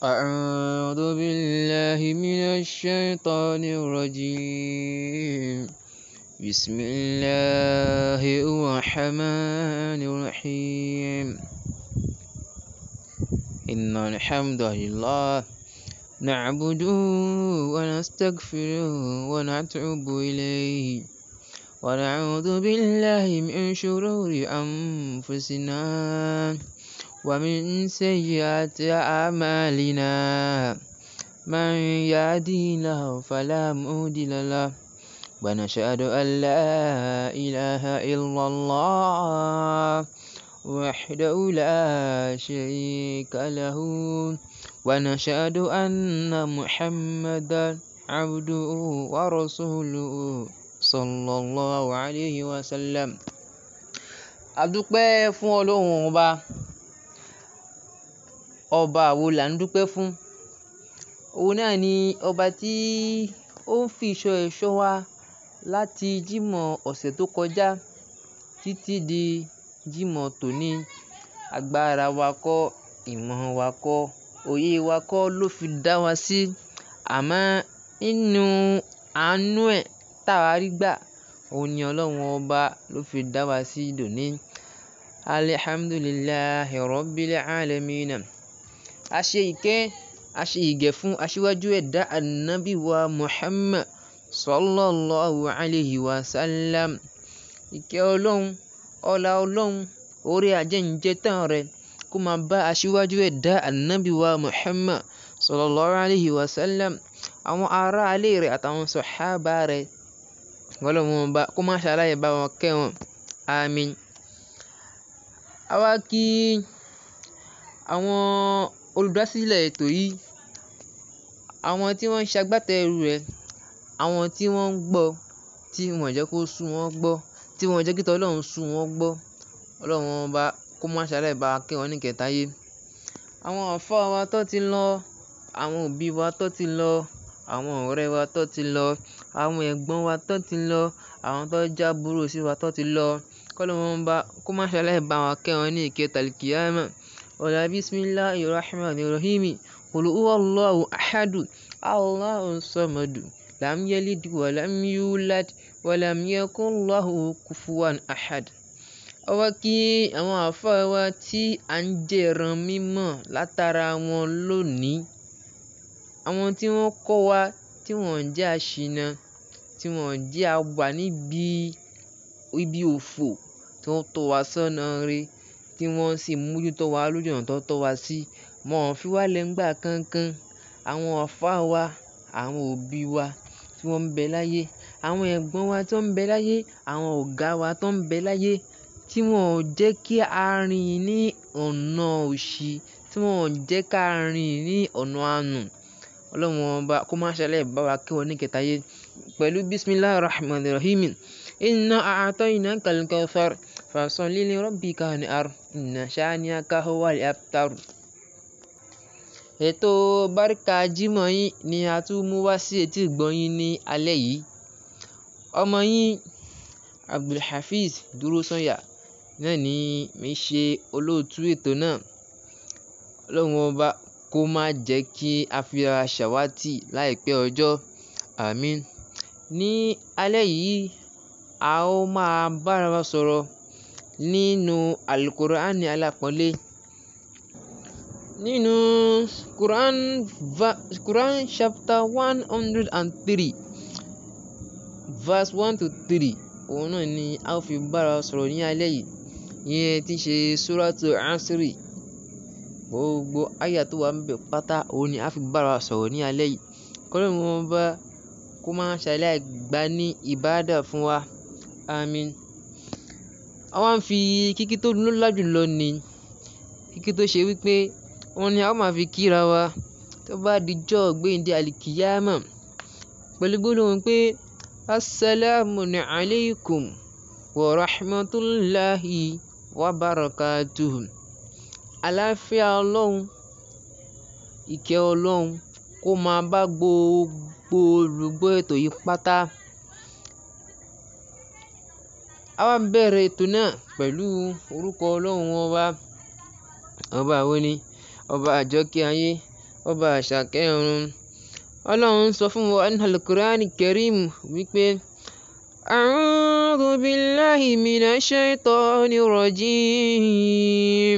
أعوذ بالله من الشيطان الرجيم بسم الله الرحمن الرحيم إن الحمد لله نعبده ونستغفره ونتوب إليه ونعوذ بالله من شرور أنفسنا ومن سيئات أعمالنا من يهدي الله فلا مضل له ونشهد أن لا إله إلا الله وحده لا شريك له ونشهد أن محمدا عبده ورسوله صلى الله عليه وسلم adúpẹ́ fún Ọba wo là ń dúpẹ́ fún? Òun náà ni ọba tí ó ń fi ìṣọ́ ẹ̀ ṣọ́ wa láti Jímọ̀ ọ̀sẹ̀ tó kọjá títí di Jímọ̀ tòní. Agbára wa kọ́, ìmọ̀ wa kọ́, òye wa kọ́ ló fi dá wa sí. Àmọ́ nínú àánú ẹ̀ táwa rí gbà, òun ni Ọlọ́run Ọba ló fi dá wa sí dòní. Alhamdulillahi Rabbil Alameen. A ṣe ìkẹ́, a ṣe ìgẹ̀ fún aṣíwájú ẹ̀dá Ànábì wa Muhammad Sallallahu Alaihi Wasallam. Ìkẹ́ Ọlọ́run, ọlá Ọlọ́run, orí ajẹ́njẹ́ tán rẹ̀ kó máa bá aṣíwájú ẹ̀dá Ànábì wa Muhammad Sallallahu Alaihi Wasallam, àwọn ará ilé rẹ̀ àtàwọn sọ̀hábà rẹ̀. Ọlọ́run bá kó máa ṣaláyè bá wọn kẹ́ wọn. Àmín. kí àwọn olùdásílẹ̀ ètò yìí, àwọn tí wọ́n ń ṣagbátẹrù rẹ̀, àwọn tí wọ́n ń gbọ́ ọ tí wọn ò jẹ́ kó sú wọn gbọ́, tí wọn ò jẹ́ kí tỌlọ́run sú wọn gbọ́, Ọlọ́run Ọba kó má ṣàláì bá wa kẹ́ wọn níkẹẹ̀ táyé. Àwọn àlfáà wa tọ́ ti lọ, àwọn òbí wa tọ́ ti lọ, àwọn ọ̀rẹ́ wa tọ́ ti lọ, àwọn ẹ̀gbọ́n wa tọ́ ti lọ, àwọn tó jábúrò sí wa tọ́ ti lọ, kọ́lọ́run Ọba kó má ṣàláì bá wa kẹ́ wọn ní ìkẹ́ tàlìkìyámà ọ̀la bisimilahi rahmani rahimi kulu allahu ahadu allahu samadu lam yalid walam yulad walam yakun lahu kufuwan ahad. ọwọ́ kí àwọn àfáà wa tí à ń jẹ̀ràn mímọ̀ látara wọn lónìí àwọn tí wọ́n kọ́ wa tí wọ́n jẹ́ àṣìnà tí wọ́n jẹ́ àgbà níbi ibi òfò tó ń tọ́ wa sọ́nà rẹ̀ tí wọ́n sì ń mójútó wa lójú ọ̀nà tó tọ́ wa sí. Wọn ò fi wá lẹ́ ńgbà kankan. Àwọn àlfáà wa, àwọn òbí wa tí wọ́n ń bẹ láyé, àwọn ẹ̀gbọ́n wa tó ń bẹ láyé, àwọn ọ̀gá wa tó ń bẹ láyé tí wọ́n ò jẹ́ kí a rìn ní ọ̀nà òṣì, tí wọ́n ò jẹ́ ká rìn ní ọ̀nà àánú. Ọlọ́run Ọba kó má ṣe bá wa kẹ́ wọn ní ìkẹta ayé pẹ̀lú Bismillahir Rahmanir Rahim. Inna a'tainakal kawthar. فصل ni وانحر إن شانئك هو الأبتر ètò báríkà jímọ̀ yín ni a tún mú wá sí etí ìgbọ́yín ní alẹ́ yìí ọmọ yín abdulhafiz dúrósànyà náà ni mi ṣe olóòtú ètò náà ọlọ́run ọba kó má jẹ́ kí a fi ara ṣàwátì láìpẹ́ ọjọ́ àmín ní alẹ́ yìí a ó máa bára wa sọ̀rọ̀ nínú àlùkùránì alápọ̀nlé. Nínú Quran, Quran chapter one hundred and three verse one to three, òun náà ni a ó fi bára sọ̀rọ̀ ní alẹ́ yìí. Ìyẹn tí ṣe Suratu Asri. Gbogbo àyà tó wà níbẹ̀ pátá òun ni a fi bára sọ̀rọ̀ ní alẹ́ yìí. Kọ́lọ́run wọn bá kó máa ṣàlàyé gbà ní ìbádà fún wa. Amin. A wá ń fi kíkí tó lọ́lá jùlọ ni kíkí tó ṣe wípé òun ni a máa fi kí wa tó bá dijọ́ ìgbéǹde àlìkìyámà pẹ̀lú gbólóhùn pé Assalamu alaykum, wa rahmatullahi wa barakatuh. Àlàáfíà Ọlọ́run, ìkẹ́ Ọlọ́run kó máa bá gbogbo olùgbọ́ ètò yìí pátá. Àwa bẹ̀rẹ̀ ètò náà pẹ̀lú orúkọ Ọlọ́run ọba. Ọba wo Ọba àjọkẹ́ ayé, ọba àṣàkẹ́ Ọlọ́run sọ fún wa nínú Al-Qur'an wípé, "A'udhu billahi minash shaitani rajim.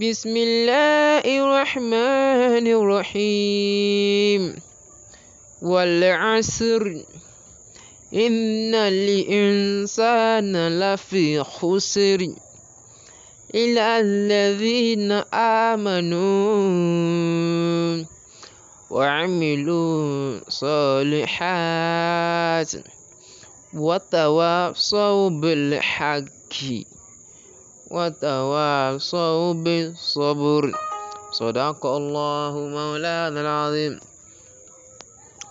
Bismillahir rahmanir rahim. Wal 'asr. إن الإنسان لفي خسر إلا الذين آمنوا وعملوا صالحات وتواصوا بالحق وتواصوا بالصبر صدق الله مولانا العظيم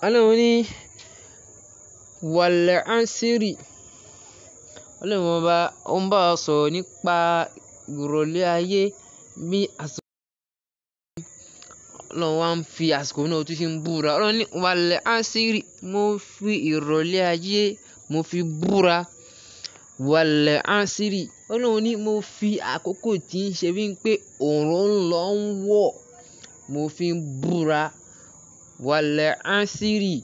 ألوني Wal 'asri, Ọlọ́run Ọba ó ń bá wa sọ̀rọ̀ nípa ìrọ̀lẹ́ ayé bí àsìkò Ọlọ́run wa ń fi àsìkò náà tún fi ń búra. Ọlọ́run ní wal 'asri, mo fi ìrọ̀lẹ́ ayé mo fi búra. Wal 'asri, Ọlọ́run ní mo fi àkókò tí ń ṣe wí pé òòrùn ń lọ ń wọ̀, mo fi ń búra. Wal 'asri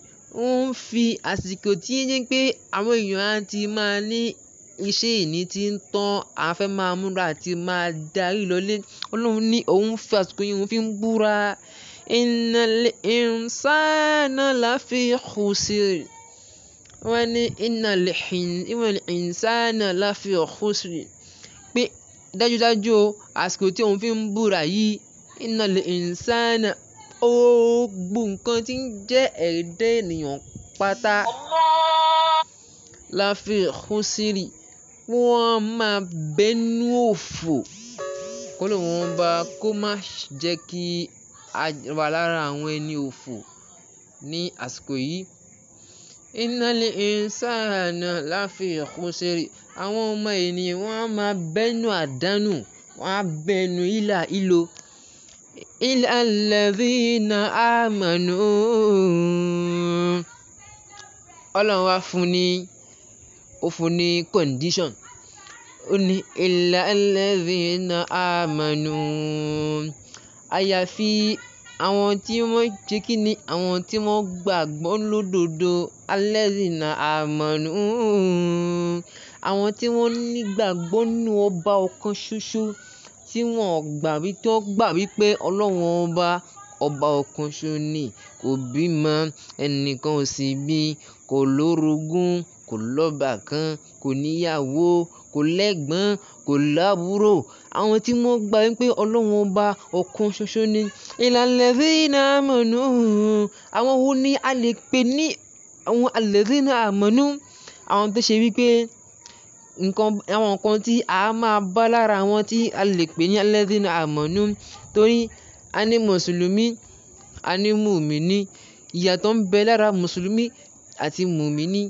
ń fi àsìkò tí ó jẹ́ pé àwọn èèyàn á ti máa ní iṣẹ́ ìní ti ń tán, a fẹ́ máa múra àti máa darí lọlé. Ọlọ́run ní òun ń fi àsìkò yìí, òun fi ń búra. Innal insana lafi khusr. Wọ́n ní innal insana lafi khusr. Pé dájúdájú o, àsìkò tí òun fi ń búra yìí, innal insana gbogbo nǹkan tí ń jẹ́ ẹ̀dá ènìyàn pátá la fi khusri kí wọ́n máa bẹ́nu òfò kọ́lọ̀ wọn bá kó má jẹ́ kí a wà lára àwọn ẹni òfò ní àsìkò yìí. Innal insana láfi khusri àwọn ọmọ ènìyàn wọ́n máa bẹ́nu àdánù wọ́n á bẹ́nu ìlà ìlò. إلى الذين آمنوا ọlọ́run wa fún ní ó fún ní condition ó ní إلا الذين آمنوا àyàfi àwọn tí wọ́n ṣe kí ni àwọn tí wọ́n gbàgbọ́ lódodo alladhina amanu àwọn tí wọ́n nígbàgbọ́ nù ọba ọ̀kan ṣoṣo tí wọ́n gbà wí tó gbà wípé Ọlọ́run Ọba, Ọba ọ̀kan ṣoṣo ni, kò bímọ, ẹnìkan ò sì bí i, kò lórogún, kò lọ́bàkan, kò níyàwó, kò lẹ́gbọ́n, kò lábúrò. Àwọn tí wọ́n gbà wípé Ọlọ́run Ọba ọ̀kan ṣoṣo ni. Innal-ladhina amanu. Àwọn wo ni a lè pè ní àwọn alladhina amanu? Àwọn tó ṣe wípé nǹkan, àwọn nǹkan tí a máa bá lára wọn tí a lè pè ní alladhina amanu torí a ní Mùsùlùmí, a ní mùmínì. Ìyàtọ̀ ń bẹ lára Mùsùlùmí àti mùmínì.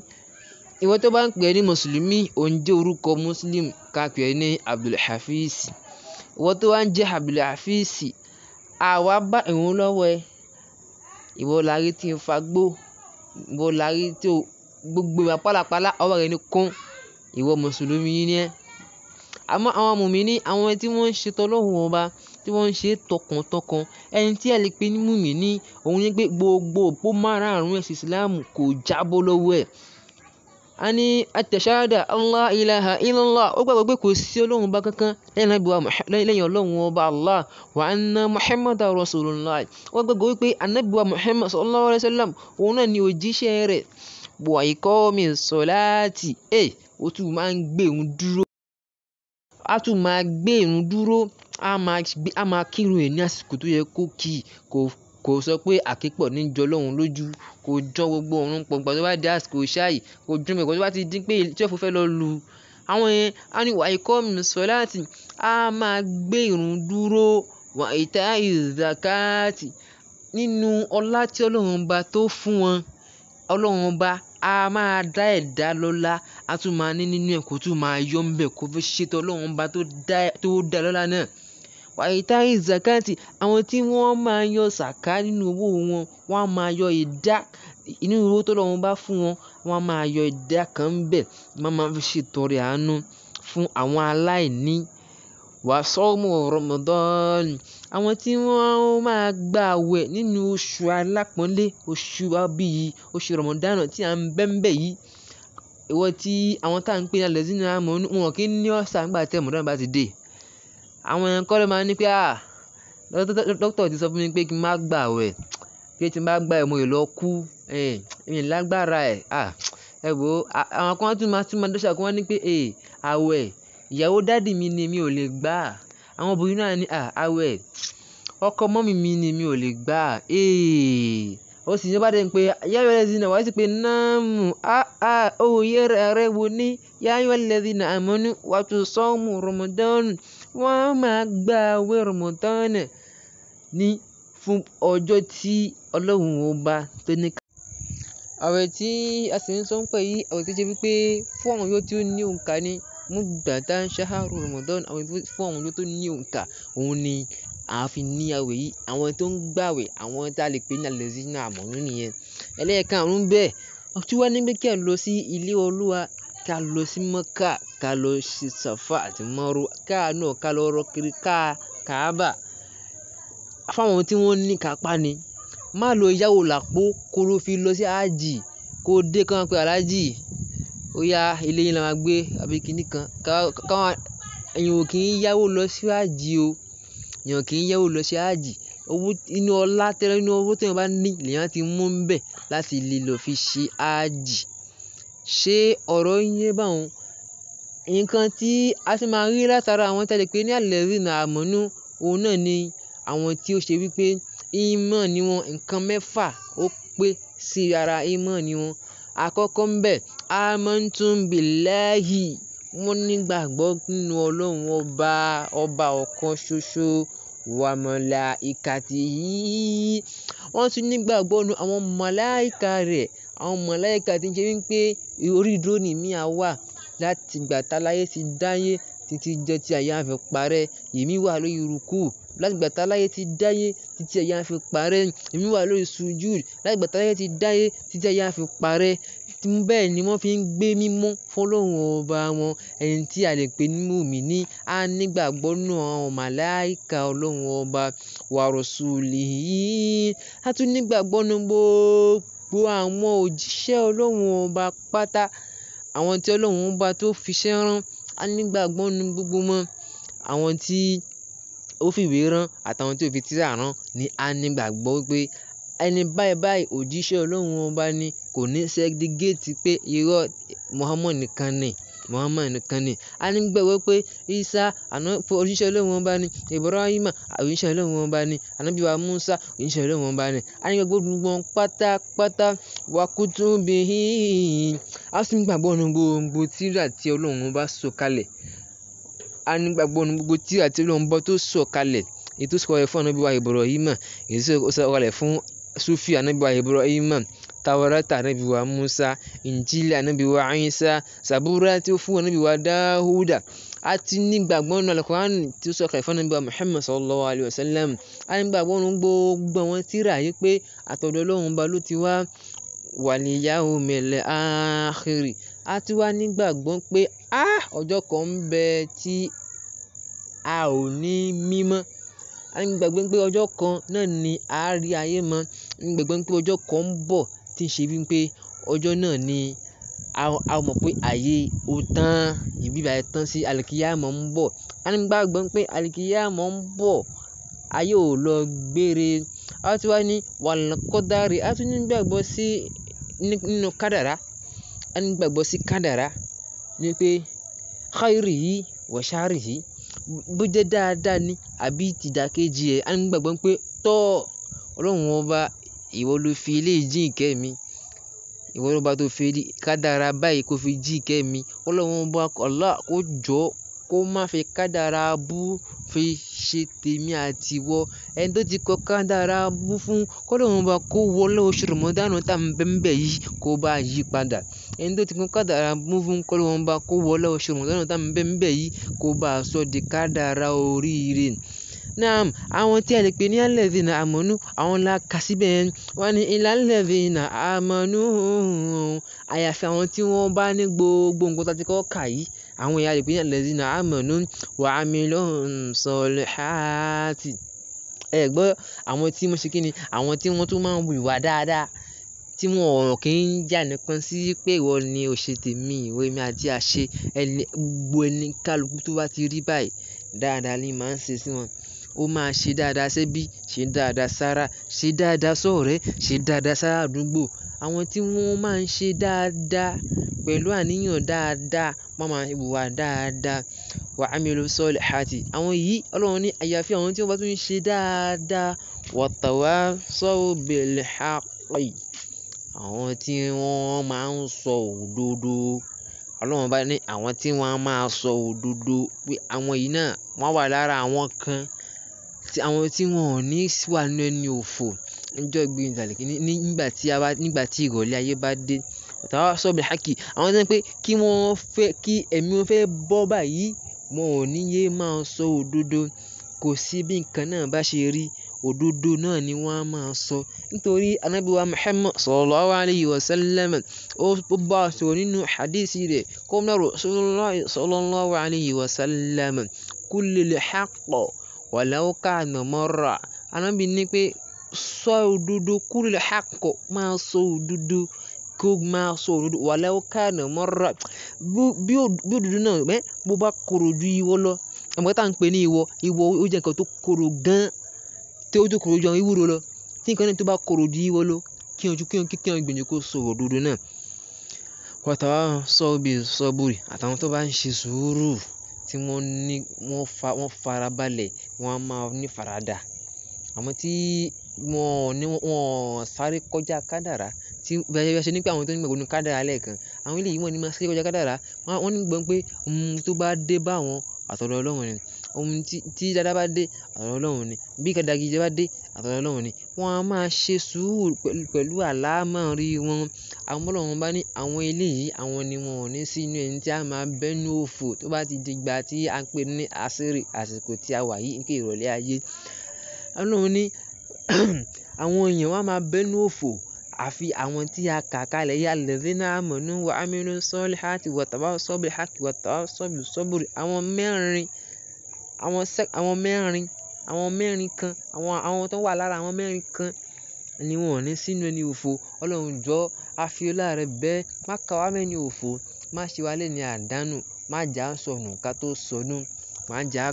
Ìwọ tó bá ń pè ní Mùsùlùmí, ò orúkọ Muslim ká pè ẹ́ ní Abdulhafiz. Ìwọ tó wá ń jẹ́ Abdulhafiz, àwa bá ìrun lọ́wọ́ ẹ. Ìwọ làárí tí ń fagbó, ìwọ làárí tí gbogbo ìwà pálapàla ọwọ́ rẹ ni kún ìwọ mùsùlùmí ni ẹ́. Àmọ́ àwọn mùmínì àwọn tí wọ́n ń ṣe tọ́lọ́hun ọba tí wọ́n ń ṣe tọkàntọkàn ẹni tí a lè pe ní mùmínì òun ni pé gbogbo òpó márààrún ẹ̀sìn Ìsìláàmù kò jábọ́ lọ́wọ́ ẹ̀. A ní àtẹ̀sáàdà Allah ilaha illallah ó gbàgbọ́ pé kò sí Ọlọ́hun ọba kankan lẹ́yìn Ọlọ́hun ọba Allah wa anna Muhammadan Rasulullah ó gbàgbọ́ wípé Ànábì wa Muhammad sallallahu alayhi wa sallam òun náà ni òjíṣẹ́ rẹ̀ wa iqamis salati ó tún máa ń gbé ìrun dúró. A tún máa gbé ìrun dúró, a máa a máa kírun ẹ̀ ní àsìkò tó yẹ kó kì í, kò, kò sọ pé àkípọ̀ ní jọ Ọlọ́run lójú, kò jan gbogbo ìrun pọ̀. Ìgbà tó bá di àsìkò ìṣáì, kò jan mìíràn. Ìgbà tó bá ti di pé twelve fẹ́ lọ lù, àwọn yẹn á ní wà ìkọ́mi sọ̀láàtì, a máa gbé ìrun dúró, wà ìta ìzàkáàtì. Nínú ọlá tí Ọlọ́run bá tó fún wọn, Ọlọ́run bá a máa dá ẹ̀dá lọ́lá, a tún máa ní nínú ẹ̀ kó tún máa yọ́ ń bẹ̀ kó fi ṣe t'Ọlọ́run Ọba tó dá, tó dá lọ́lá náà. Wa ita'i zakati, àwọn tí wọ́n máa ń yọ sàká nínú owó wọn, wọ́n á máa yọ ìdá nínú owó t'Ọlọ́run bá fún wọn, wọ́n á máa yọ ìdá kan bẹ̀, wọ́n máa fi ṣe ìtọrẹ àánú fún àwọn aláìní. Wa sawmu Ramadan, àwọn tí wọ́n máa gba àwẹ̀ nínú oṣù alápọ́nlé, oṣù ọbí yìí, oṣù Ramadan tí à ń bẹ́ ń bẹ̀ yìí. Ìwọ tí àwọn tá ń pè ní alazina amanu, wọn kì í ní ulcer nígbà tí Ramadan bá ti dé. Àwọn yẹn kọ́ ló máa ń ní pé ah, à, dókítà ti sọ fún mi pé kí n má gba àwẹ̀, pé tí n bá gba àwẹ̀ mo lè lọ kú, ẹ̀, eh, lágbára ẹ̀. À, ah, ẹ wò ó, àwọn kan tún máa tún máa dọ́ṣà kí wọ́n ní pé, "Èé, eh, ìyàwó dádì mi ni, mi ò lè gbà á." Àwọn obìnrin náà ní, "à, Awẹ, ọkọ mummy mi ni mi ò lè gbà." Eeeh! Ó sì ní bá dẹ̀ ń pé, "Yá ayyuha alladhina", wá sì pé, "Naam, áà, ó yé rẹ wo ní. Yá ayyuha alladhina amanu wa tusamu Ramadan." Wọ́n máa gba awẹ Ramadan ní fún ọjọ́ tí Ọlọ́run ọba tó ní ká. Àwẹ̀ tí a sì ń sọ ń pa yìí, àwẹ̀ tó jẹ́ wípé fún àwọn yóò tí ó ní òǹkà ni. Nígbà tá ń ṣáárù Ramadan, àwọn fún àwọn ọjọ́ tó ní òǹkà, òun ni a fi ní àwẹ̀ yìí. Àwọn tó ń gbàwẹ̀, àwọn tí a lè pè ní allazina amanu nìyẹn. Ẹlẹ́ẹ̀kaàrún bẹ́ẹ̀, ó tún wá ní pé kí a lọ sí ilé Olúwa, ká lọ sí Mọ́kà, ká lọ ṣe Safa àti Marwa, ká náà ká lọ rọ́ kiri ká Kaaba. Fún tí wọ́n ní ìkápá ni. Má lọ yáwò làpó, ko lọ fi lọ sí hajji, ko dé kí wọ́n pe óyá eléyìí la máa gbé àbí kíní kan. Káwọn èèyàn ò kí ń yáwó lọ sí háàjì o. Èèyàn kì í yáwó lọ sí háàjì. Owó inú ọlá tẹ́lẹ̀ inú owó tí èèyàn bá ní lèyàn ti mú ń bẹ̀ láti lè lọ fi ṣe háàjì. Ṣé ọ̀rọ̀ yín yé bá tí a sì máa rí látara àwọn tẹ́lẹ̀ pé ní alladhina amanu, òun náà ni àwọn tí ó ṣe wípé ìmánì wọn ǹkan mẹ́fà ó pé sí ara ìmánì wọn. Àkọ́kọ́ ń bẹ̀, Amantum Billahi, wọ́n nígbàgbọ́ nínú Ọlọ́run Ọba, Ọba ọ̀kan ṣoṣo, wa malaikatihi. Wọ́n tún nígbàgbọ́ nínú àwọn màláìkà rẹ̀, àwọn màláìkà tí ń ṣe wípé orí dúró ni èmi a wà láti ìgbà táláyé ti dáyé títí jọ́ tí ayé a fi parẹ́. Èmi wà lórí rùkú láti ìgbà táláyé ti dáyé títí ayé a fi parẹ́. Èmi wà lórí sujúd láti ìgbà táláyé ti dáyé títí ayé fi parẹ́ bẹ́ẹ̀ ni wọ́n fi ń gbé mímọ́ f'Ọlọ́run Ọba wọn. Ẹni tí a lè pè ní Mùmínì, a nígbàgbọ́ nínú àwọn màláíkà Ọlọ́run Ọba, wa rasulihi, a tún nígbàgbọ́ nínú gbogbo àwọn òjíṣẹ́ Ọlọ́run Ọba pátá. Àwọn tí Ọlọ́run Ọba tó fiṣẹ́ rán, a nígbàgbọ́ nínú gbogbo wọn. Àwọn tí ó fi ìwé rán àtàwọn tí ó fi tírà rán ni a nígbàgbọ́ wípé ẹni báyìí báyìí òjíṣẹ́ Ọlọ́run Ọba ni kò ní segregate pé irọ́ Muhammad nìkan ni, Muhammad nìkan ni. A ní gbàgbọ́ pé Isa òjíṣẹ́ Ọlọ́run Ọba ni, Ibrahim òjíṣẹ́ Ọlọ́run Ọba ni, ànábì wa Musa òjíṣẹ́ Ọlọ́run Ọba ni. A ní gbàgbọ́ gbogbo wọn pátápátá wa kutubihi. A sì ní gbàgbọ́ nínú gbogbo tírà tí Ọlọ́run Ọba sọ̀kalẹ̀. A ní gbàgbọ́ nínú gbogbo tírà tí Ọlọ́run Ọba tó sọ̀kalẹ̀. Èyí tó sọ̀kalẹ̀ fún ànábì wa Ibrahim, èyí tó sọ̀kalẹ̀ fún Sufi ànábì wa Ibrahim, tawarata anabi wa musa injili anabi wa isa sabura tí ó fún anabi wa dáhùdà àti nígbàgbọ́ nínú alukurani tí ó sọ kalẹ̀ fún anabi wa muhammad sallallahu alayhi wa sallam a nígbàgbọ́ nínú gbogbo àwọn tírà yìí pé àtọ̀dọ̀ ọlọ́run ba ló ti wá a ti wá nígbàgbọ́ pé ọjọ́ kan ń bẹ tí a ò ní mímọ́ a ń gbàgbé pé kan náà ni a rí ayé mọ́ ń gbàgbé pé kan ń bọ̀ tí ń ṣe wípé ọjọ́ náà ni a mọ̀ pé ayé ó tán, ìbí bàyi tán sí àlìkíyámọ̀ ń bọ̀. A ní ìgbàgbọ́ pé àlìkíyámọ̀ ń bọ̀, ayé ò lọ gbére. A tún wá ní wal a tún ní ìgbàgbọ́ sí nínú kádàrá. A ní ìgbàgbọ́ sí kádàrá ní pé khairihi wa sharrihi, bó jẹ́ dáadáa ni àbí ti ìdàkejì ẹ̀. A ní ìgbàgbọ́ pé tọ́ Ọlọ́run ọba ìwọ ló fi eléyìí jí ìkẹ́ mi. Ìwọ ló bá tó fi kádàrá báyìí kó fi jí ìkẹ́ mi. Ọlọ́run Ọba Allah kó jọ́ kó má fi kádàrá bú fi ṣe tèmi àti ìwọ. Ẹni tó ti kọ kádàrá bú fún, kó Ọlọ́run Ọba kó wọlé oṣù Ramadan tá ń bẹ́ ń bẹ̀ yìí kó bá yí padà. Ẹni tó ti kọ kádàrá bú fún, kó Ọlọ́run Ọba kó wọlé oṣù Ramadan tá ń bẹ́ ń bẹ̀ yìí kó bá sọ di kádàrá oríire. Naam, àwọn tí a lè pè ní alladhina amanu, àwọn la kà síbẹ̀ yẹn. Wọ́n ní illa alladhina amanu. Àyàfi àwọn tí wọ́n bá ní gbogbo nǹkan tí a ti kọ́kọ́ kà yìí. Àwọn yẹn a lè pè ní alladhina amanu wa amilus solihati. Ẹ gbọ́ àwọn tí wọ́n ṣe kíni, àwọn tí wọ́n tún máa ń wu ìwà dáadáa, tí wọ́n ò kí ń jà nìkan sí pé ìwọ ni o ṣe tèmi, ìwọ èmi àti àṣẹ. Ẹni, gbogbo ẹni kálukú tó bá ti rí báyìí, dáadáa ni màá ṣe sí wọn ó máa ṣe dáadáa sẹ́bí, ṣe dáadáa sára, ṣe dáadáa sọ́rẹ́, ṣe dáadáa sára àdúgbò. Àwọn tí wọ́n máa ń ṣe dáadáa pẹ̀lú àníyàn dáadáa, wọ́n máa wùwà dáadáa. Wa amilu solihati. Àwọn yìí Ọlọ́run ní àyàfi àwọn tí wọ́n bá tún ń ṣe dáadáa. Wa tawasaw bil haqqi. Àwọn tí wọ́n máa ń sọ òdodo. Ọlọ́run bá ní àwọn tí wọ́n máa sọ òdodo pé àwọn yìí náà wọ́n wà lára àwọn kan àti àwọn tí wọn ò ní wà nínú ẹni òfò níjọ́ ìgbéyìn dàlẹ́ nígbà tí a bá nígbà tí ìrọ̀lẹ́ ayé bá dé ọ̀tá wa sọ̀bì hákì àwọn tó ń pé kí wọ́n fẹ́ kí ẹ̀mí wọn fẹ́ bọ́ báyìí wọn ò ní yé máa sọ òdodo kò sí bí nǹkan náà bá ṣe rí òdodo náà ni wọ́n á máa sọ nítorí ànábì wa Muhammad sallallahu alayhi wa ó bá a sọ nínú hadisi rẹ̀ qala Rasulullah sallallahu alayhi wa sallam kullu al walau kana marra. Ànábì ní pé sọ òdodo Dudu haqq máa sọ òdodo kí o máa sọ òdodo walau kana marra. Bí òdodo náà ẹ́ bó bá korò ju iwọ lọ. Ẹ̀ mọ̀ nǹkan tí à ń pè ní iwọ, iwọ ó jẹ́ ǹkan tó korò gan-an tí ó tó korò ju àwọn ewúro lọ. Tí ǹkan náà tó bá korò ju iwọ lọ, kí ọ̀jú kí ọ̀jú gbìyànjú kó sọ òdodo náà. Wa tawasaw bis sabri àtàwọn tó bá ń ṣe sùúrù tí wọ́n ní wọ́n fa wọ́n farabalẹ̀ wọ́n a máa ní faradà. Àwọn tí wọ́n ò ní wọ́n sáré kọjá kádàrá tí bí a ṣe ní pé àwọn tó nígbàgbọ́ nínú kádàrá lẹ́ẹ̀kan, àwọn eléyìí wọ́n ní máa sáré kọjá kádàrá. Wọ́n nígbàgbọ́ pé ohun tó bá dé bá wọn, àtọ̀dọ́ Ọlọ́run ni. Ohun tí dáadáa bá dé, àtọ̀dọ́ Ọlọ́run ni. Bí kádàgídí bá dé àtọ̀dọ̀ Ọlọ́run ni. Wọ́n a máa ṣe sùúrù pẹ̀lú àlámọ̀rí wọn. Àmọ́ Ọlọ́run bá ní àwọn eléyìí, àwọn ni wọ́n ò ní sí inú ẹni tí a máa bẹ́nú òfo tó bá ti di ìgbà tí a ń pè ní àṣírí àsìkò tí a wà yìí, ní ìrọ̀lẹ́ ayé. Ọlọ́run ní àwọn èèyàn wa máa bẹ́nú òfo àfi àwọn tí a kà kalẹ̀ yii alladhina amanu wa amilus solihati wa tawasaw bil haqqi wa tawasaw bis Àwọn mẹ́rin, àwọn mẹ́rin àwọn mẹ́rin kan, àwọn, àwọn tó wà lára àwọn mẹ́rin kan ni wọ́n ò ní sínú ẹni òfo. Ọlọ́run jọ́, a fi ọlá rẹ bẹ́, má ka wá mẹ́ni òfo, má ṣe wá lẹ́ni àdánù, má jẹ á sọnù ká tó sọnù, má jẹ á,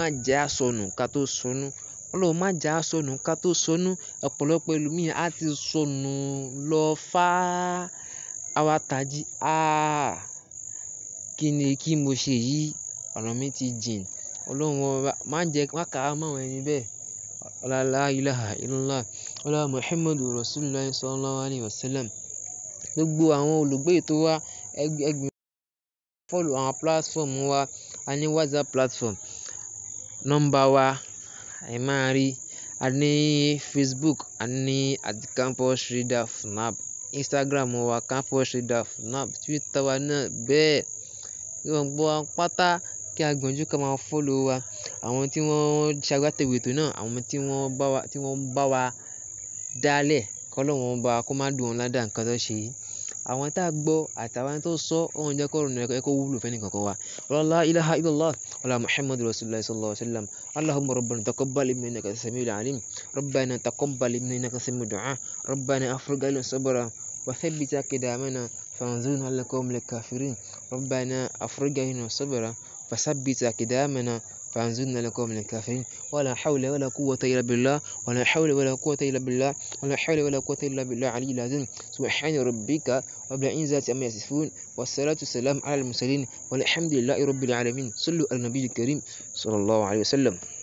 má jẹ á sọnù ká tó sọnù. Ọlọ́run má jẹ á ká tó sọnù. Ọ̀pọ̀lọpọ̀ ẹlòmíì á ti sọnù lọ fá àwa tají. Kí ni kí mo ṣe yìí? Ọ̀nà mi ti jìn. Ọlọ́run ọba, má jẹ́ má kára mọ́ àwọn ẹni bẹ́ẹ̀. Ọlá lá ilaha illallah. Ọlá Muhammadu Rasulullah Sallallahu Alaihi Wasallam. Gbogbo àwọn olùgbé ètò wa, ẹ gbìyànjú follow àwọn platform wa. A ní WhatsApp platform, nọ́mbà wa ẹ máa rí. A ní Facebook, a ní àti Campus Radar Funab. Instagram wa Campus Radar Funab. Twitter wa náà bẹ́ẹ̀. Gbogbo wa pátá kí a gbìyànjú ká máa follow wa. Àwọn tí wọ́n ṣe agbátẹrù ètò náà, àwọn tí wọ́n bá wa, tí wọ́n bá wa dálẹ̀, kọ́ lọ́hun ọba kó má dùn wọ́n ládàá nǹkan tó ṣe yìí. Àwọn tá gbọ́ àtàwọn tó sọ, Ọlọ́run jẹ́ kó rọrùn rẹ̀ kó wúlò fún ẹni kankan wa. La ilaha illallah wa la Muhammadur Rasulullah sallallahu alaihi wasallam. Allahumma rabbana taqabbal minna innaka samiul alim. Rabbana taqabbal minna innaka samiud du'a. Rabbana afrigh alayna sabra wa thabbit aqdamana fansurna ala alqawmil kafirin. Rabbana فثبت أقدامنا فانزلنا لكم من الكافرين ولا حول ولا قوة إلا بالله ولا حول ولا قوة إلا بالله ولا حول ولا قوة إلا بالله علي العظيم سبحان ربك رب العزة عما يصفون والصلاة والسلام على المرسلين والحمد لله رب العالمين صلوا على النبي الكريم صلى الله عليه وسلم